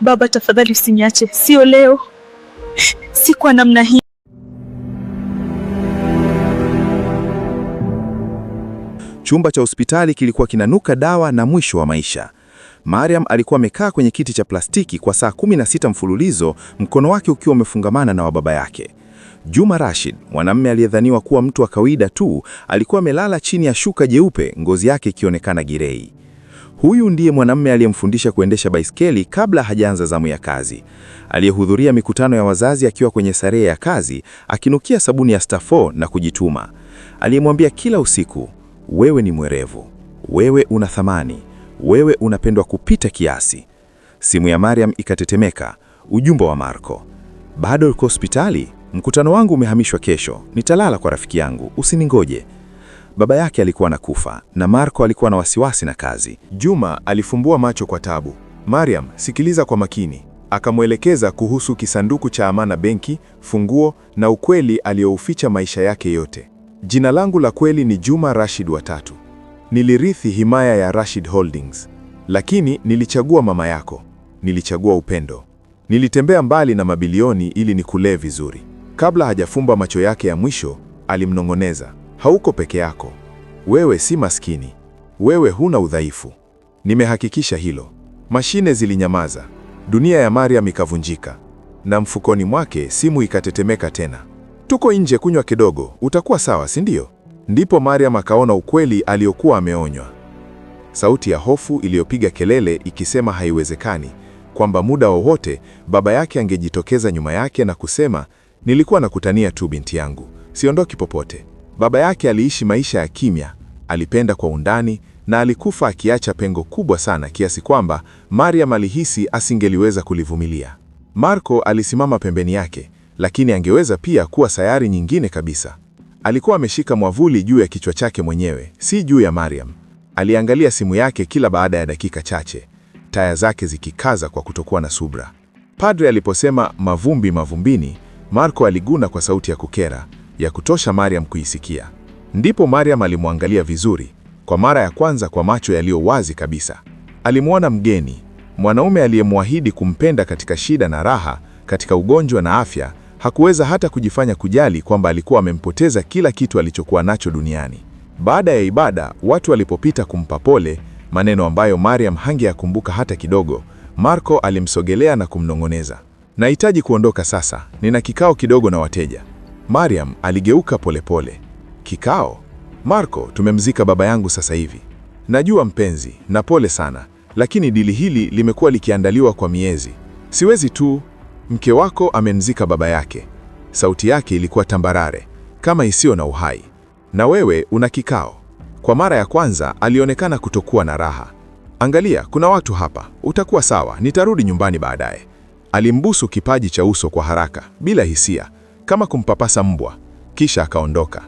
Baba, tafadhali usiniache, sio leo, si kwa namna hii. Chumba cha hospitali kilikuwa kinanuka dawa na mwisho wa maisha. Mariam alikuwa amekaa kwenye kiti cha plastiki kwa saa 16 mfululizo, mkono wake ukiwa umefungamana na wa baba yake. Juma Rashid, mwanamume aliyedhaniwa kuwa mtu wa kawaida tu, alikuwa amelala chini ya shuka jeupe, ngozi yake ikionekana girei. Huyu ndiye mwanamume aliyemfundisha kuendesha baiskeli kabla hajaanza zamu ya kazi, aliyehudhuria mikutano ya wazazi akiwa kwenye starehe ya kazi, akinukia sabuni ya Staffo na kujituma, aliyemwambia kila usiku, wewe ni mwerevu, wewe una thamani, wewe unapendwa kupita kiasi. Simu ya Mariam ikatetemeka, ujumbe wa Marco: bado uko hospitali? Mkutano wangu umehamishwa kesho, nitalala kwa rafiki yangu, usiningoje. Baba yake alikuwa anakufa na Marco alikuwa na wasiwasi na kazi. Juma alifumbua macho kwa tabu. Mariam, sikiliza kwa makini. Akamwelekeza kuhusu kisanduku cha amana benki, funguo na ukweli aliyouficha maisha yake yote. Jina langu la kweli ni Juma Rashid wa tatu. Nilirithi himaya ya Rashid Holdings, lakini nilichagua mama yako. Nilichagua upendo. Nilitembea mbali na mabilioni ili nikulee vizuri. Kabla hajafumba macho yake ya mwisho, alimnong'oneza, hauko peke yako. Wewe si maskini, wewe huna udhaifu. Nimehakikisha hilo. Mashine zilinyamaza, dunia ya Mariam ikavunjika, na mfukoni mwake simu ikatetemeka tena. Tuko nje kunywa kidogo, utakuwa sawa, si ndio? Ndipo Mariam akaona ukweli aliokuwa ameonywa. Sauti ya hofu iliyopiga kelele ikisema haiwezekani, kwamba muda wowote baba yake angejitokeza nyuma yake na kusema, nilikuwa nakutania tu binti yangu, siondoki popote. Baba yake aliishi maisha ya kimya, alipenda kwa undani na alikufa akiacha pengo kubwa sana kiasi kwamba Mariam alihisi asingeliweza kulivumilia. Marco alisimama pembeni yake, lakini angeweza pia kuwa sayari nyingine kabisa. Alikuwa ameshika mwavuli juu ya kichwa chake mwenyewe, si juu ya Mariam. Aliangalia simu yake kila baada ya dakika chache, taya zake zikikaza kwa kutokuwa na subra. Padre aliposema mavumbi mavumbini, Marco aliguna kwa sauti ya kukera, ya kutosha Mariam kuisikia. Ndipo Mariam alimwangalia vizuri kwa mara ya kwanza kwa macho yaliyo wazi kabisa. Alimwona mgeni, mwanaume aliyemwahidi kumpenda katika shida na raha, katika ugonjwa na afya. Hakuweza hata kujifanya kujali kwamba alikuwa amempoteza kila kitu alichokuwa nacho duniani. Baada ya ibada, watu walipopita kumpa pole, maneno ambayo Mariam hangeyakumbuka hata kidogo, Marco alimsogelea na kumnong'oneza, nahitaji kuondoka sasa, nina kikao kidogo na wateja. Mariam aligeuka polepole pole. Kikao? Marco, tumemzika baba yangu sasa hivi. Najua mpenzi, na pole sana, lakini dili hili limekuwa likiandaliwa kwa miezi. Siwezi tu. Mke wako amemzika baba yake. Sauti yake ilikuwa tambarare, kama isiyo na uhai. Na wewe una kikao. Kwa mara ya kwanza alionekana kutokuwa na raha. Angalia, kuna watu hapa. Utakuwa sawa, nitarudi nyumbani baadaye. Alimbusu kipaji cha uso kwa haraka, bila hisia kama kumpapasa mbwa, kisha akaondoka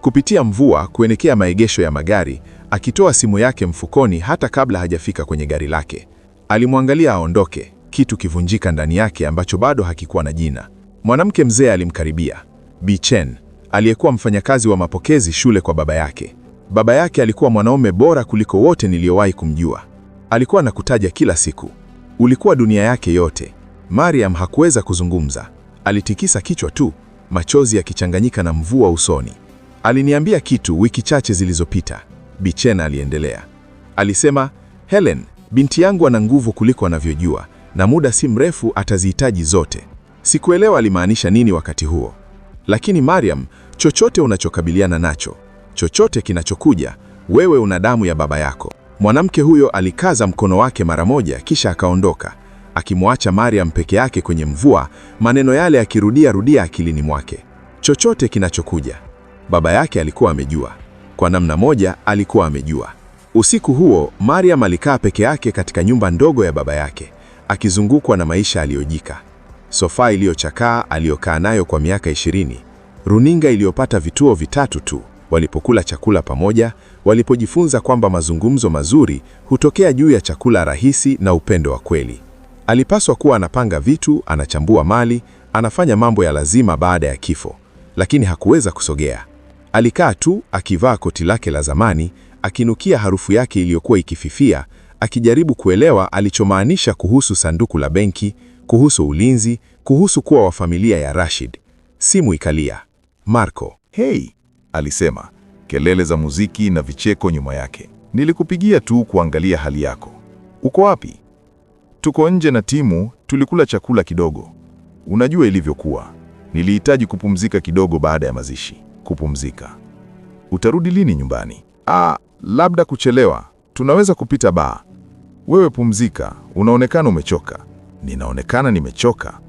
kupitia mvua kuelekea maegesho ya magari, akitoa simu yake mfukoni hata kabla hajafika kwenye gari lake. Alimwangalia aondoke, kitu kivunjika ndani yake ambacho bado hakikuwa na jina. Mwanamke mzee alimkaribia, Bi Chen, aliyekuwa mfanyakazi wa mapokezi shule kwa baba yake. Baba yake alikuwa mwanaume bora kuliko wote niliyowahi kumjua. Alikuwa nakutaja kila siku, ulikuwa dunia yake yote. Mariam hakuweza kuzungumza, alitikisa kichwa tu machozi yakichanganyika na mvua usoni. Aliniambia kitu wiki chache zilizopita, Bichena aliendelea. Alisema, Helen, binti yangu ana nguvu kuliko anavyojua na muda si mrefu atazihitaji zote. Sikuelewa alimaanisha nini wakati huo. Lakini Mariam, chochote unachokabiliana nacho, chochote kinachokuja, wewe una damu ya baba yako. Mwanamke huyo alikaza mkono wake mara moja kisha akaondoka akimwacha Mariam peke yake kwenye mvua, maneno yale akirudia rudia akilini mwake. Chochote kinachokuja, baba yake alikuwa amejua. Kwa namna moja alikuwa amejua. Usiku huo Mariam alikaa peke yake katika nyumba ndogo ya baba yake, akizungukwa na maisha aliyojika: sofa iliyochakaa aliyokaa nayo kwa miaka ishirini, runinga iliyopata vituo vitatu tu walipokula chakula pamoja, walipojifunza kwamba mazungumzo mazuri hutokea juu ya chakula rahisi na upendo wa kweli. Alipaswa kuwa anapanga vitu, anachambua mali, anafanya mambo ya lazima baada ya kifo, lakini hakuweza kusogea. Alikaa tu akivaa koti lake la zamani, akinukia harufu yake iliyokuwa ikififia, akijaribu kuelewa alichomaanisha kuhusu sanduku la benki, kuhusu ulinzi, kuhusu kuwa wa familia ya Rashid. Simu ikalia. Marco. Hey, alisema, kelele za muziki na vicheko nyuma yake. Nilikupigia tu kuangalia hali yako. Uko wapi? Tuko nje na timu, tulikula chakula kidogo. Unajua ilivyokuwa, nilihitaji kupumzika kidogo baada ya mazishi. Kupumzika. Utarudi lini nyumbani? Ah, labda kuchelewa. Tunaweza kupita baa. Wewe pumzika, unaonekana umechoka. Ninaonekana nimechoka.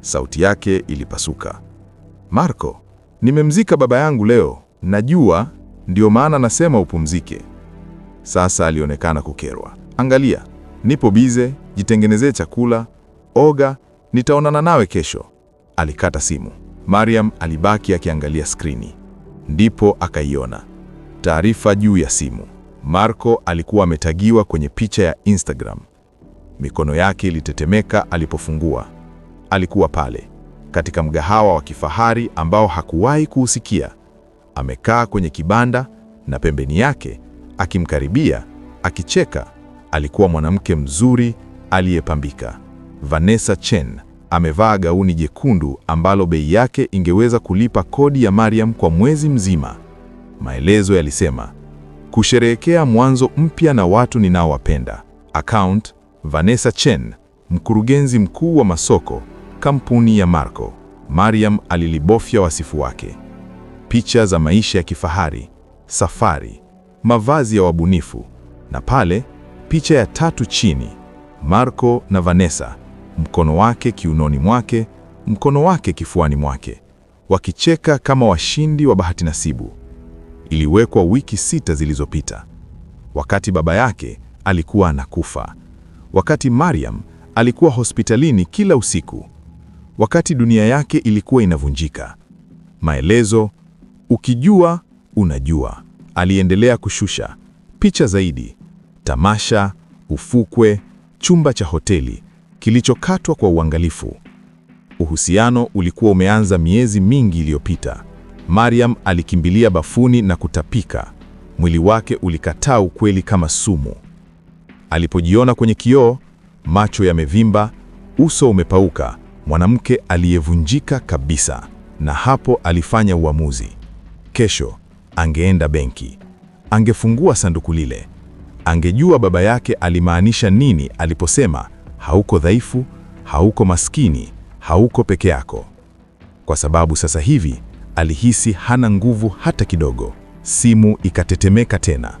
Sauti yake ilipasuka. Marco, nimemzika baba yangu leo. Najua, ndio maana nasema upumzike. Sasa alionekana kukerwa. Angalia, nipo bize, jitengenezee chakula, oga, nitaonana nawe kesho. Alikata simu. Mariam alibaki akiangalia skrini, ndipo akaiona taarifa juu ya simu. Marco alikuwa ametagiwa kwenye picha ya Instagram. Mikono yake ilitetemeka alipofungua. Alikuwa pale katika mgahawa wa kifahari ambao hakuwahi kuusikia, amekaa kwenye kibanda na pembeni yake akimkaribia akicheka Alikuwa mwanamke mzuri aliyepambika. Vanessa Chen amevaa gauni jekundu ambalo bei yake ingeweza kulipa kodi ya Mariam kwa mwezi mzima. Maelezo yalisema kusherehekea mwanzo mpya na watu ninaowapenda. Account Vanessa Chen, mkurugenzi mkuu wa masoko, kampuni ya Marco. Mariam alilibofya wasifu wake: picha za maisha ya kifahari, safari, mavazi ya wabunifu, na pale Picha ya tatu chini, Marco na Vanessa, mkono wake kiunoni mwake, mkono wake kifuani mwake, wakicheka kama washindi wa bahati nasibu. Iliwekwa wiki sita zilizopita, wakati baba yake alikuwa anakufa, wakati Mariam alikuwa hospitalini kila usiku, wakati dunia yake ilikuwa inavunjika. Maelezo: ukijua unajua. Aliendelea kushusha picha zaidi tamasha, ufukwe, chumba cha hoteli kilichokatwa kwa uangalifu. Uhusiano ulikuwa umeanza miezi mingi iliyopita. Mariam alikimbilia bafuni na kutapika. Mwili wake ulikataa ukweli kama sumu. Alipojiona kwenye kioo, macho yamevimba, uso umepauka, mwanamke aliyevunjika kabisa. Na hapo alifanya uamuzi. Kesho angeenda benki, angefungua sanduku lile, Angejua baba yake alimaanisha nini aliposema hauko dhaifu, hauko maskini, hauko peke yako, kwa sababu sasa hivi alihisi hana nguvu hata kidogo. Simu ikatetemeka tena,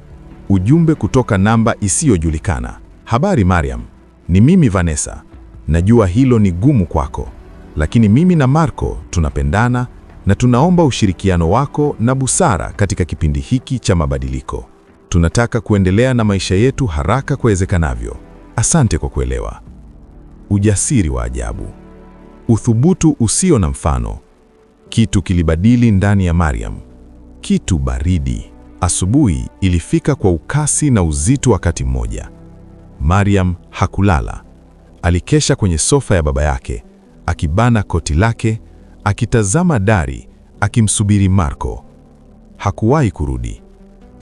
ujumbe kutoka namba isiyojulikana: habari Mariam, ni mimi Vanessa. Najua hilo ni gumu kwako, lakini mimi na Marco tunapendana na tunaomba ushirikiano wako na busara katika kipindi hiki cha mabadiliko. Tunataka kuendelea na maisha yetu haraka kuwezekanavyo. Asante kwa kuelewa. Ujasiri wa ajabu, uthubutu usio na mfano. Kitu kilibadili ndani ya Mariam, kitu baridi. Asubuhi ilifika kwa ukasi na uzito wakati mmoja. Mariam hakulala, alikesha kwenye sofa ya baba yake, akibana koti lake, akitazama dari, akimsubiri Marco. Hakuwahi kurudi.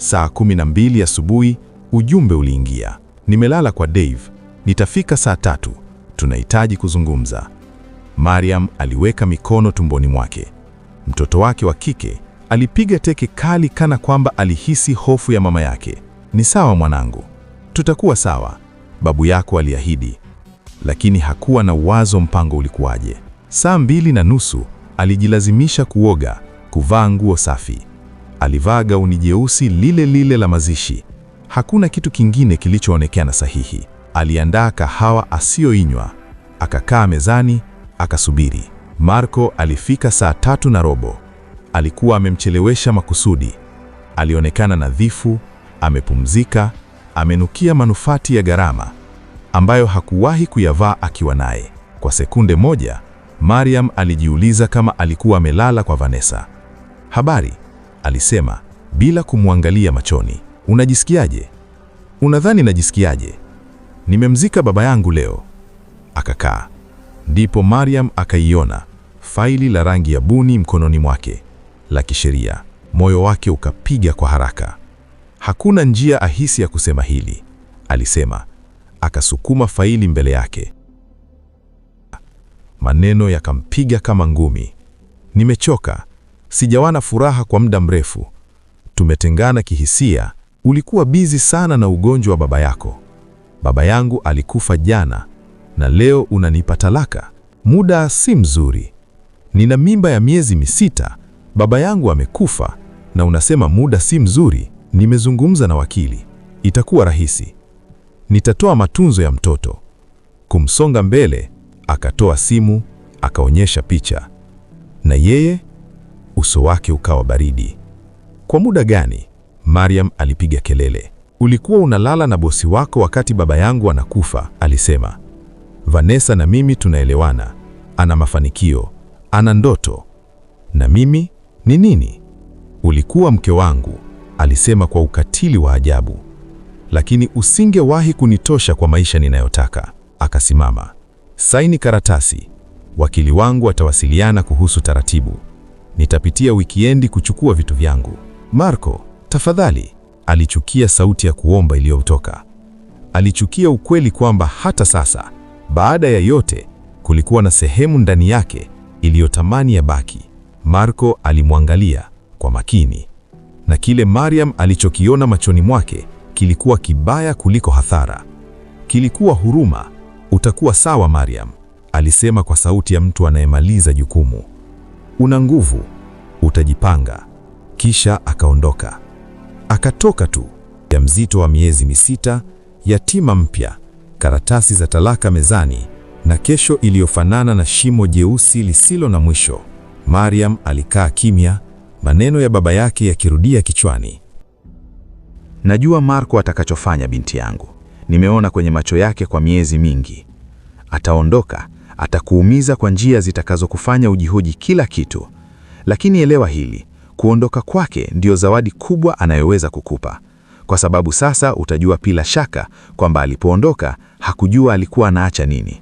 Saa 12 asubuhi ujumbe uliingia, nimelala kwa Dave, nitafika saa tatu, tunahitaji kuzungumza. Mariam aliweka mikono tumboni mwake. Mtoto wake wa kike alipiga teke kali, kana kwamba alihisi hofu ya mama yake. Ni sawa mwanangu, tutakuwa sawa, babu yako aliahidi. Lakini hakuwa na uwazo mpango ulikuwaje. Saa mbili na nusu alijilazimisha kuoga, kuvaa nguo safi. Alivaa gauni jeusi lile lile la mazishi. Hakuna kitu kingine kilichoonekana sahihi. Aliandaa kahawa asiyoinywa, akakaa mezani, akasubiri. Marco alifika saa tatu na robo. Alikuwa amemchelewesha makusudi. Alionekana nadhifu, amepumzika, amenukia manufati ya gharama ambayo hakuwahi kuyavaa akiwa naye. Kwa sekunde moja, Mariam alijiuliza kama alikuwa amelala kwa Vanessa. Habari alisema bila kumwangalia machoni. Unajisikiaje? Unadhani najisikiaje? Nimemzika baba yangu leo. Akakaa. Ndipo Mariam akaiona faili la rangi ya buni mkononi mwake, la kisheria. Moyo wake ukapiga kwa haraka. Hakuna njia ahisi ya kusema hili, alisema, akasukuma faili mbele yake. Maneno yakampiga kama ngumi. Nimechoka, sijawana furaha kwa muda mrefu, tumetengana kihisia, ulikuwa bizi sana na ugonjwa wa baba yako. Baba yangu alikufa jana, na leo unanipa talaka, muda si mzuri. Nina mimba ya miezi misita, baba yangu amekufa, na unasema muda si mzuri. Nimezungumza na wakili, itakuwa rahisi, nitatoa matunzo ya mtoto. Kumsonga mbele, akatoa simu akaonyesha picha na yeye uso wake ukawa baridi. Kwa muda gani? Mariam alipiga kelele. Ulikuwa unalala na bosi wako wakati baba yangu anakufa, alisema. Vanessa na mimi tunaelewana. Ana mafanikio, ana ndoto. Na mimi ni nini? Ulikuwa mke wangu, alisema kwa ukatili wa ajabu. Lakini usingewahi kunitosha kwa maisha ninayotaka. Akasimama. Saini karatasi. Wakili wangu atawasiliana kuhusu taratibu. Nitapitia wikiendi kuchukua vitu vyangu. Marco, tafadhali. Alichukia sauti ya kuomba iliyotoka. Alichukia ukweli kwamba hata sasa, baada ya yote, kulikuwa na sehemu ndani yake iliyotamani ya baki. Marco alimwangalia kwa makini, na kile Mariam alichokiona machoni mwake kilikuwa kibaya kuliko hathara kilikuwa huruma. Utakuwa sawa Mariam, alisema kwa sauti ya mtu anayemaliza jukumu una nguvu, utajipanga. Kisha akaondoka, akatoka tu, ya mzito wa miezi misita, yatima mpya, karatasi za talaka mezani na kesho iliyofanana na shimo jeusi lisilo na mwisho. Mariam alikaa kimya, maneno ya baba yake yakirudia kichwani. Najua marko atakachofanya binti yangu. Nimeona kwenye macho yake kwa miezi mingi. Ataondoka atakuumiza kwa njia zitakazokufanya ujihoji kila kitu. Lakini elewa hili, kuondoka kwake ndiyo zawadi kubwa anayoweza kukupa, kwa sababu sasa utajua bila shaka kwamba alipoondoka hakujua alikuwa anaacha nini.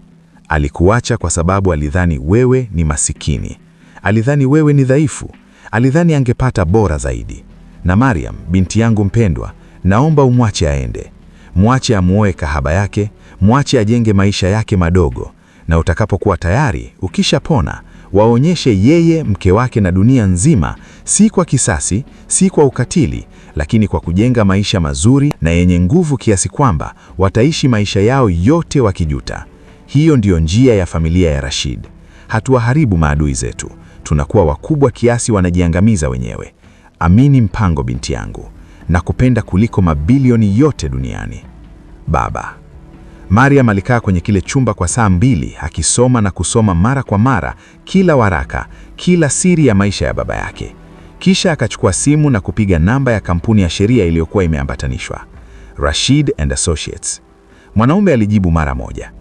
Alikuacha kwa sababu alidhani wewe ni masikini, alidhani wewe ni dhaifu, alidhani angepata bora zaidi. Na Mariam, binti yangu mpendwa, naomba umwache aende, mwache amuoe kahaba yake, mwache ajenge maisha yake madogo na utakapokuwa tayari, ukishapona, waonyeshe yeye, mke wake na dunia nzima, si kwa kisasi, si kwa ukatili, lakini kwa kujenga maisha mazuri na yenye nguvu kiasi kwamba wataishi maisha yao yote wakijuta. Hiyo ndiyo njia ya familia ya Rashid. Hatuwaharibu maadui zetu, tunakuwa wakubwa kiasi wanajiangamiza wenyewe. Amini mpango, binti yangu, na kupenda kuliko mabilioni yote duniani. Baba. Mariam alikaa kwenye kile chumba kwa saa mbili akisoma na kusoma mara kwa mara kila waraka, kila siri ya maisha ya baba yake. Kisha akachukua simu na kupiga namba ya kampuni ya sheria iliyokuwa imeambatanishwa, Rashid and Associates. Mwanaume alijibu mara moja,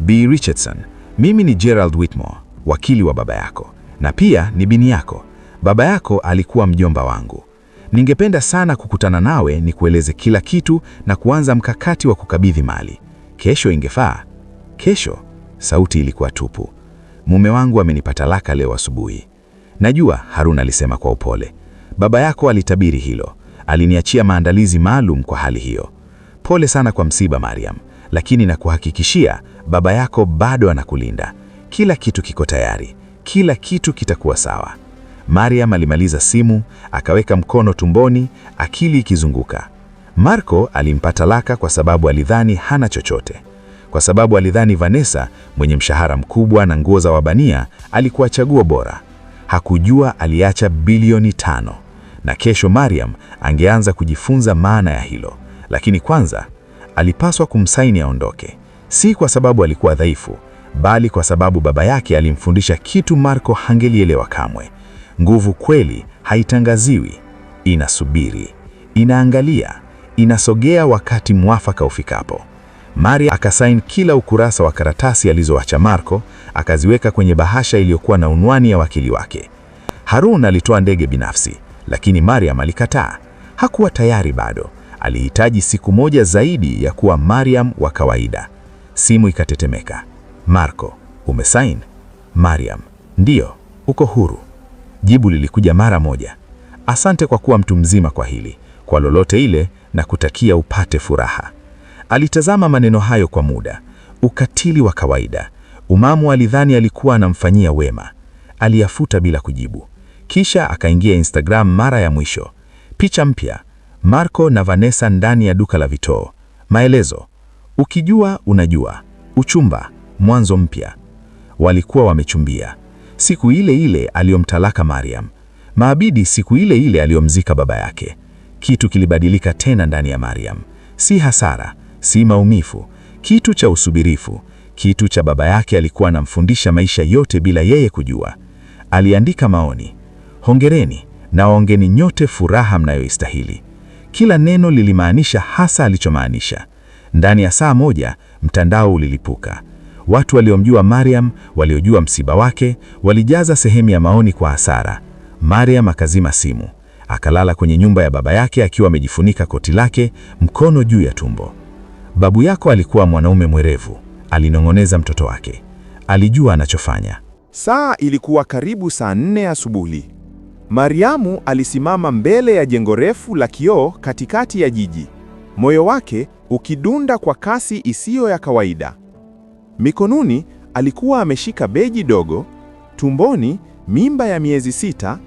B Richardson, mimi ni Gerald Whitmore, wakili wa baba yako na pia ni bini yako. Baba yako alikuwa mjomba wangu. Ningependa sana kukutana nawe ni kueleze kila kitu na kuanza mkakati wa kukabidhi mali. Kesho ingefaa. Kesho? Sauti ilikuwa tupu. Mume wangu amenipata laka leo asubuhi. Najua, Harun alisema kwa upole. Baba yako alitabiri hilo, aliniachia maandalizi maalum kwa hali hiyo. Pole sana kwa msiba, Mariam, lakini nakuhakikishia baba yako bado anakulinda. Kila kitu kiko tayari, kila kitu kitakuwa sawa. Mariam alimaliza simu, akaweka mkono tumboni, akili ikizunguka. Marco alimpata laka kwa sababu alidhani hana chochote, kwa sababu alidhani Vanessa mwenye mshahara mkubwa na nguo za wabania alikuwa chaguo bora. Hakujua aliacha bilioni tano, na kesho Mariam angeanza kujifunza maana ya hilo. Lakini kwanza alipaswa kumsaini aondoke, si kwa sababu alikuwa dhaifu, bali kwa sababu baba yake alimfundisha kitu Marco hangelielewa kamwe: nguvu kweli haitangaziwi, inasubiri, inaangalia Inasogea wakati mwafaka ufikapo. Maria akasaini kila ukurasa wa karatasi alizoacha Marco, akaziweka kwenye bahasha iliyokuwa na unwani ya wakili wake. Harun alitoa ndege binafsi, lakini Mariam alikataa. Hakuwa tayari bado, alihitaji siku moja zaidi ya kuwa Mariam wa kawaida. Simu ikatetemeka. Marco, umesain Mariam, ndiyo, uko huru. Jibu lilikuja mara moja: asante kwa kuwa mtu mzima kwa hili. Kwa lolote ile na kutakia upate furaha. Alitazama maneno hayo kwa muda, ukatili wa kawaida. Umamu alidhani alikuwa anamfanyia wema. Aliyafuta bila kujibu, kisha akaingia Instagram mara ya mwisho. Picha mpya, Marco na Vanessa ndani ya duka la vitoo. Maelezo: ukijua unajua, uchumba, mwanzo mpya. Walikuwa wamechumbia siku ile ile aliyomtalaka Mariam, maabidi siku ile ile aliyomzika baba yake. Kitu kilibadilika tena ndani ya Mariam, si hasara, si maumivu, kitu cha usubirifu, kitu cha baba yake alikuwa anamfundisha maisha yote bila yeye kujua. Aliandika maoni: hongereni, nawaongeni nyote furaha mnayoistahili. Kila neno lilimaanisha hasa alichomaanisha. Ndani ya saa moja mtandao ulilipuka. Watu waliomjua Mariam, waliojua msiba wake, walijaza sehemu ya maoni kwa hasara. Mariam akazima simu. Akalala kwenye nyumba ya baba yake akiwa amejifunika koti lake, mkono juu ya tumbo. Babu yako alikuwa mwanaume mwerevu, alinong'oneza mtoto wake. Alijua anachofanya. Saa ilikuwa karibu saa nne asubuhi. Mariamu alisimama mbele ya jengo refu la kioo katikati ya jiji, moyo wake ukidunda kwa kasi isiyo ya kawaida. Mikononi alikuwa ameshika beji dogo, tumboni mimba ya miezi sita,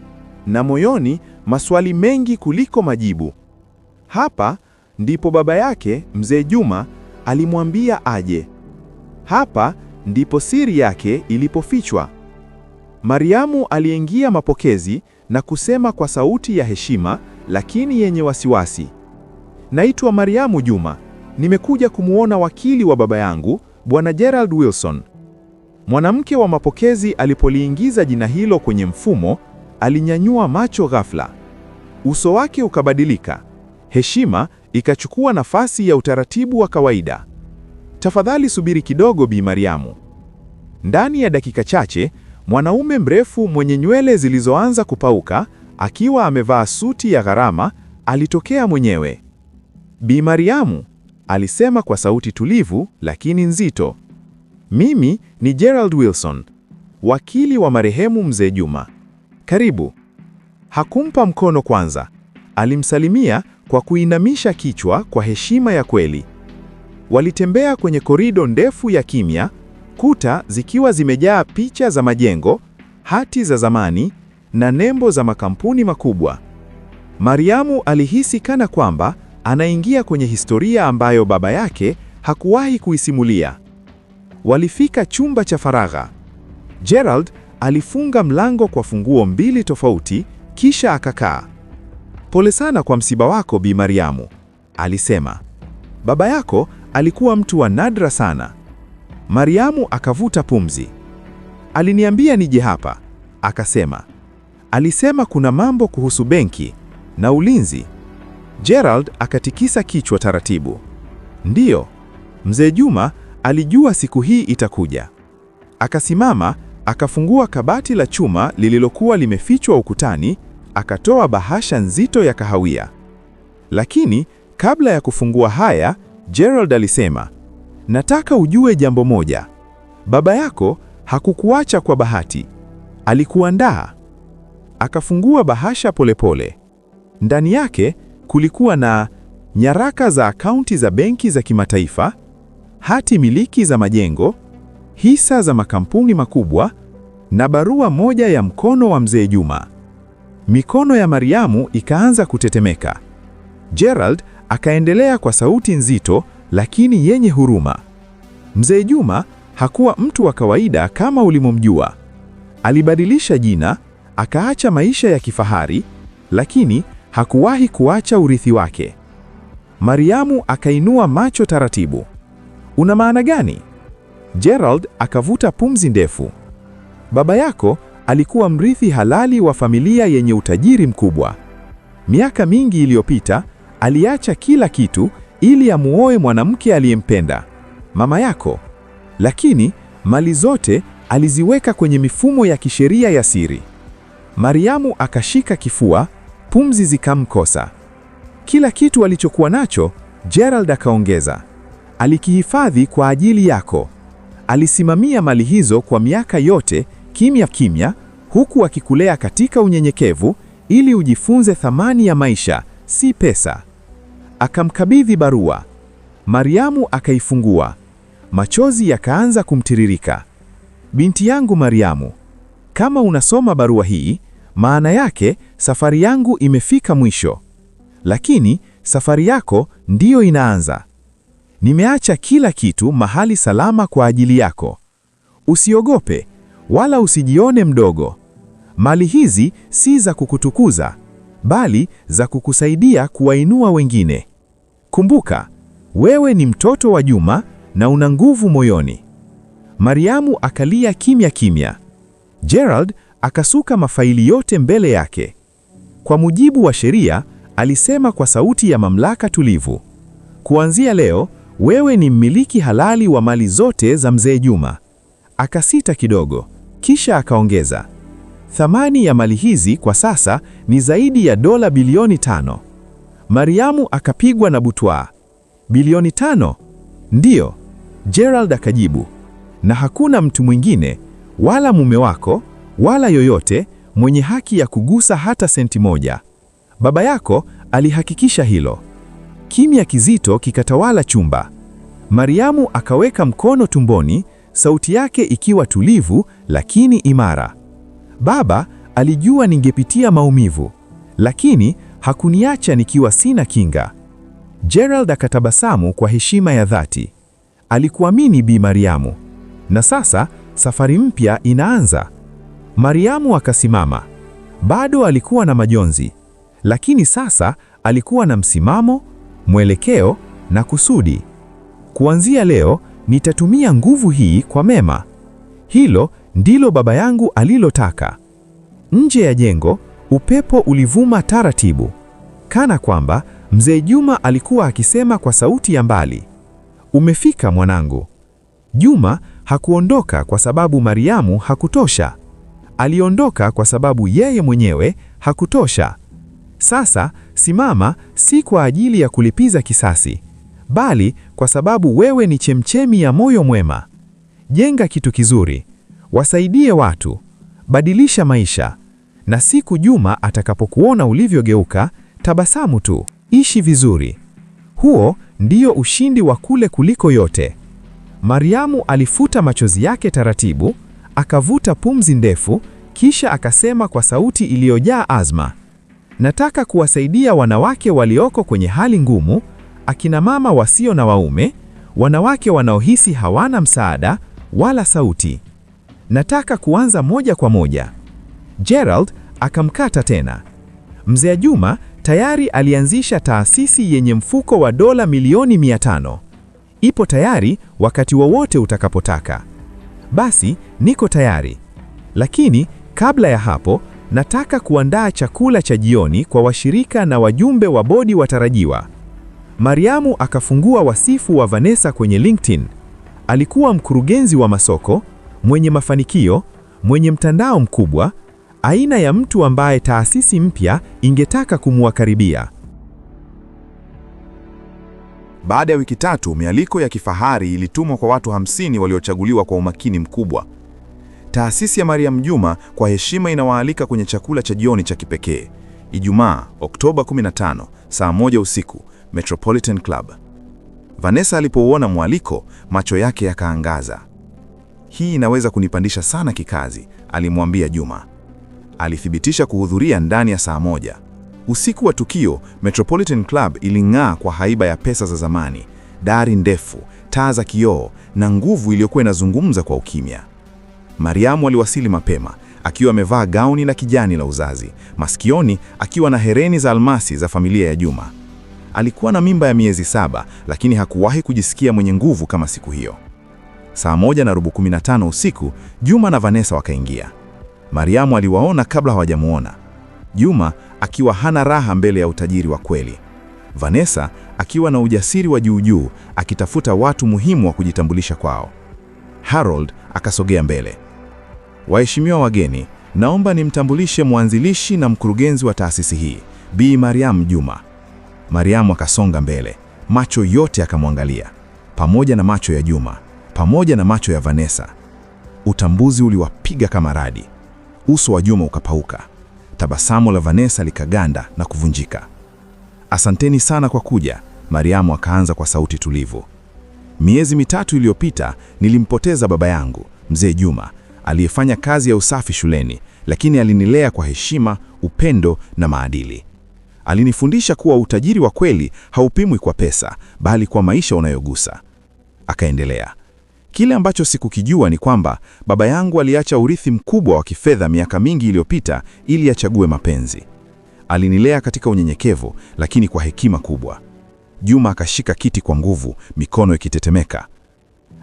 na moyoni maswali mengi kuliko majibu. Hapa ndipo baba yake Mzee Juma alimwambia aje. Hapa ndipo siri yake ilipofichwa. Mariamu aliingia mapokezi na kusema kwa sauti ya heshima lakini yenye wasiwasi. Naitwa Mariamu Juma. Nimekuja kumwona wakili wa baba yangu, Bwana Gerald Wilson. Mwanamke wa mapokezi alipoliingiza jina hilo kwenye mfumo, alinyanyua macho ghafla. Uso wake ukabadilika, heshima ikachukua nafasi ya utaratibu wa kawaida. Tafadhali subiri kidogo, Bi Mariamu. Ndani ya dakika chache, mwanaume mrefu mwenye nywele zilizoanza kupauka, akiwa amevaa suti ya gharama, alitokea mwenyewe. Bi Mariamu, alisema kwa sauti tulivu lakini nzito. Mimi ni Gerald Wilson, wakili wa marehemu Mzee Juma. Karibu. Hakumpa mkono kwanza, alimsalimia kwa kuinamisha kichwa kwa heshima ya kweli. Walitembea kwenye korido ndefu ya kimya, kuta zikiwa zimejaa picha za majengo, hati za zamani na nembo za makampuni makubwa. Mariamu alihisi kana kwamba anaingia kwenye historia ambayo baba yake hakuwahi kuisimulia. Walifika chumba cha faragha. Gerald alifunga mlango kwa funguo mbili tofauti kisha akakaa. Pole sana kwa msiba wako Bi Mariamu, alisema. Baba yako alikuwa mtu wa nadra sana. Mariamu akavuta pumzi. Aliniambia nije hapa, akasema. Alisema kuna mambo kuhusu benki na ulinzi. Gerald akatikisa kichwa taratibu. Ndiyo, Mzee Juma alijua siku hii itakuja. Akasimama, akafungua kabati la chuma lililokuwa limefichwa ukutani akatoa bahasha nzito ya kahawia. Lakini kabla ya kufungua haya, Gerald alisema, nataka ujue jambo moja, baba yako hakukuacha kwa bahati, alikuandaa. Akafungua bahasha polepole. Ndani yake kulikuwa na nyaraka za akaunti za benki za kimataifa, hati miliki za majengo, hisa za makampuni makubwa na barua moja ya mkono wa mzee Juma. Mikono ya Mariamu ikaanza kutetemeka. Gerald akaendelea kwa sauti nzito lakini yenye huruma. Mzee Juma hakuwa mtu wa kawaida kama ulimomjua. Alibadilisha jina, akaacha maisha ya kifahari, lakini hakuwahi kuacha urithi wake. Mariamu akainua macho taratibu. Una maana gani? Gerald akavuta pumzi ndefu. Baba yako alikuwa mrithi halali wa familia yenye utajiri mkubwa. Miaka mingi iliyopita, aliacha kila kitu ili amuoe mwanamke aliyempenda, mama yako. Lakini mali zote aliziweka kwenye mifumo ya kisheria ya siri. Mariamu akashika kifua, pumzi zikamkosa. Kila kitu alichokuwa nacho, Gerald akaongeza, alikihifadhi kwa ajili yako. Alisimamia mali hizo kwa miaka yote kimya kimya, huku akikulea katika unyenyekevu ili ujifunze thamani ya maisha, si pesa. Akamkabidhi barua. Mariamu akaifungua, machozi yakaanza kumtiririka. Binti yangu Mariamu, kama unasoma barua hii, maana yake safari yangu imefika mwisho, lakini safari yako ndiyo inaanza. Nimeacha kila kitu mahali salama kwa ajili yako. Usiogope, wala usijione mdogo. Mali hizi si za kukutukuza, bali za kukusaidia kuwainua wengine. Kumbuka, wewe ni mtoto wa Juma na una nguvu moyoni. Mariamu akalia kimya kimya. Gerald akasuka mafaili yote mbele yake. Kwa mujibu wa sheria, alisema kwa sauti ya mamlaka tulivu, kuanzia leo wewe ni mmiliki halali wa mali zote za mzee Juma. Akasita kidogo. Kisha akaongeza, thamani ya mali hizi kwa sasa ni zaidi ya dola bilioni tano. Mariamu akapigwa na butwaa. Bilioni tano? Ndiyo, Gerald akajibu, na hakuna mtu mwingine wala mume wako wala yoyote mwenye haki ya kugusa hata senti moja. Baba yako alihakikisha hilo. Kimya kizito kikatawala chumba. Mariamu akaweka mkono tumboni sauti yake ikiwa tulivu lakini imara. Baba alijua ningepitia maumivu, lakini hakuniacha nikiwa sina kinga. Gerald akatabasamu kwa heshima ya dhati. Alikuamini Bi Mariamu, na sasa safari mpya inaanza. Mariamu akasimama. Bado alikuwa na majonzi, lakini sasa alikuwa na msimamo, mwelekeo na kusudi. Kuanzia leo nitatumia nguvu hii kwa mema. Hilo ndilo baba yangu alilotaka. Nje ya jengo upepo ulivuma taratibu, kana kwamba mzee Juma alikuwa akisema kwa sauti ya mbali, umefika mwanangu. Juma hakuondoka kwa sababu Mariamu hakutosha, aliondoka kwa sababu yeye mwenyewe hakutosha. Sasa simama, si kwa ajili ya kulipiza kisasi bali kwa sababu wewe ni chemchemi ya moyo mwema. Jenga kitu kizuri, wasaidie watu, badilisha maisha, na siku Juma atakapokuona ulivyogeuka, tabasamu tu, ishi vizuri. Huo ndio ushindi wa kule kuliko yote. Mariamu alifuta machozi yake taratibu, akavuta pumzi ndefu, kisha akasema kwa sauti iliyojaa azma, nataka kuwasaidia wanawake walioko kwenye hali ngumu akina mama wasio na waume, wanawake wanaohisi hawana msaada wala sauti. Nataka kuanza moja kwa moja. Gerald akamkata tena. Mzee Juma tayari alianzisha taasisi yenye mfuko wa dola milioni tano. Ipo tayari wakati wowote utakapotaka. Basi niko tayari. Lakini kabla ya hapo nataka kuandaa chakula cha jioni kwa washirika na wajumbe wa bodi watarajiwa. Mariamu akafungua wasifu wa Vanessa kwenye LinkedIn. Alikuwa mkurugenzi wa masoko, mwenye mafanikio, mwenye mtandao mkubwa, aina ya mtu ambaye taasisi mpya ingetaka kumuwakaribia. Baada ya wiki tatu, mialiko ya kifahari ilitumwa kwa watu hamsini waliochaguliwa kwa umakini mkubwa. Taasisi ya Mariam Juma kwa heshima inawaalika kwenye chakula cha jioni cha kipekee Ijumaa, Oktoba 15 saa moja usiku Metropolitan Club. Vanessa alipouona mwaliko, macho yake yakaangaza. Hii inaweza kunipandisha sana kikazi, alimwambia Juma. Alithibitisha kuhudhuria ndani ya saa moja. Usiku wa tukio, Metropolitan Club iling'aa kwa haiba ya pesa za zamani, dari ndefu, taa za kioo na nguvu iliyokuwa inazungumza kwa ukimya. Mariamu aliwasili mapema akiwa amevaa gauni la kijani la uzazi, masikioni akiwa na hereni za almasi za familia ya Juma. Alikuwa na mimba ya miezi saba, lakini hakuwahi kujisikia mwenye nguvu kama siku hiyo. Saa moja na robo 15 usiku, Juma na Vanessa wakaingia. Mariamu aliwaona kabla hawajamuona. Juma akiwa hana raha mbele ya utajiri wa kweli. Vanessa akiwa na ujasiri wa juu juu akitafuta watu muhimu wa kujitambulisha kwao. Harold akasogea mbele. Waheshimiwa wageni, naomba nimtambulishe mwanzilishi na mkurugenzi wa taasisi hii, Bi Mariam Juma. Mariamu akasonga mbele, macho yote akamwangalia, pamoja na macho ya Juma, pamoja na macho ya Vanessa. Utambuzi uliwapiga kama radi. Uso wa Juma ukapauka, tabasamu la Vanessa likaganda na kuvunjika. Asanteni sana kwa kuja, Mariamu akaanza kwa sauti tulivu. Miezi mitatu iliyopita nilimpoteza baba yangu mzee Juma aliyefanya kazi ya usafi shuleni, lakini alinilea kwa heshima, upendo na maadili. Alinifundisha kuwa utajiri wa kweli haupimwi kwa pesa, bali kwa maisha unayogusa. Akaendelea, kile ambacho sikukijua ni kwamba baba yangu aliacha urithi mkubwa wa kifedha miaka mingi iliyopita ili achague mapenzi. Alinilea katika unyenyekevu, lakini kwa hekima kubwa. Juma akashika kiti kwa nguvu, mikono ikitetemeka.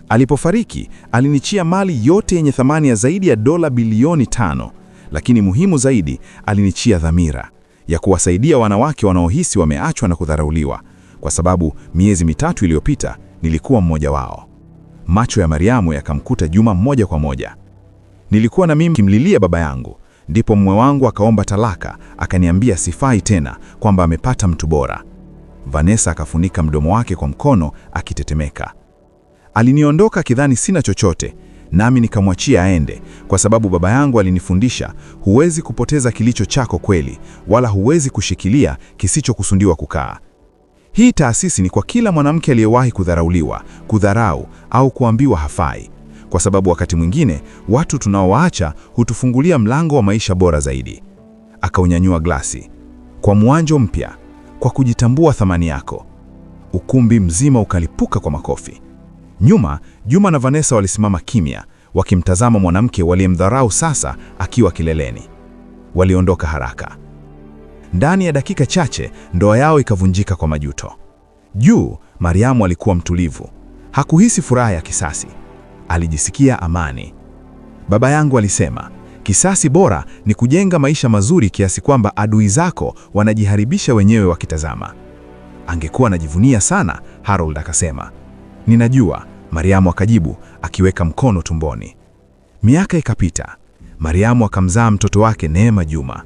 Alipofariki alinichia mali yote yenye thamani ya zaidi ya dola bilioni tano, lakini muhimu zaidi alinichia dhamira ya kuwasaidia wanawake wanaohisi wameachwa na kudharauliwa, kwa sababu miezi mitatu iliyopita nilikuwa mmoja wao. Macho ya Mariamu yakamkuta Juma moja kwa moja. Nilikuwa na mimi kimlilia baba yangu, ndipo mume wangu akaomba talaka, akaniambia sifai tena, kwamba amepata mtu bora. Vanessa akafunika mdomo wake kwa mkono akitetemeka. Aliniondoka kidhani sina chochote, nami nikamwachia aende, kwa sababu baba yangu alinifundisha, huwezi kupoteza kilicho chako kweli, wala huwezi kushikilia kisichokusudiwa kukaa. Hii taasisi ni kwa kila mwanamke aliyewahi kudharauliwa, kudharau au kuambiwa hafai, kwa sababu wakati mwingine watu tunaowaacha hutufungulia mlango wa maisha bora zaidi. Akaunyanyua glasi kwa mwanjo mpya, kwa kujitambua thamani yako. Ukumbi mzima ukalipuka kwa makofi. Nyuma, Juma na Vanessa walisimama kimya, wakimtazama mwanamke waliyemdharau sasa akiwa kileleni. Waliondoka haraka. Ndani ya dakika chache, ndoa yao ikavunjika kwa majuto. Juu, Mariamu alikuwa mtulivu. Hakuhisi furaha ya kisasi. Alijisikia amani. Baba yangu alisema, kisasi bora ni kujenga maisha mazuri kiasi kwamba adui zako wanajiharibisha wenyewe wakitazama. Angekuwa anajivunia sana, Harold akasema. Ninajua, Mariamu akajibu akiweka mkono tumboni. Miaka ikapita. Mariamu akamzaa mtoto wake Neema Juma.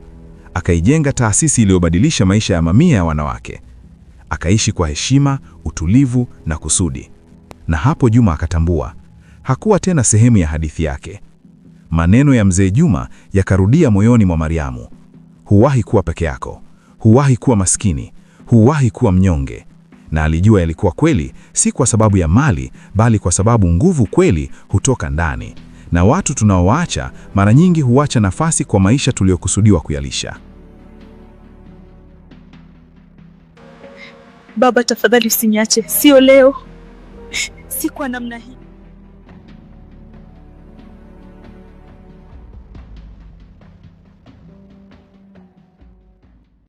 Akaijenga taasisi iliyobadilisha maisha ya mamia ya wanawake. Akaishi kwa heshima, utulivu na kusudi. Na hapo Juma akatambua hakuwa tena sehemu ya hadithi yake. Maneno ya mzee Juma yakarudia moyoni mwa Mariamu: huwahi kuwa peke yako, huwahi kuwa maskini, huwahi kuwa mnyonge na alijua yalikuwa kweli, si kwa sababu ya mali, bali kwa sababu nguvu kweli hutoka ndani, na watu tunaowaacha mara nyingi huacha nafasi kwa maisha tuliyokusudiwa kuyalisha. Baba, tafadhali usiniache, sio leo, si kwa namna hii.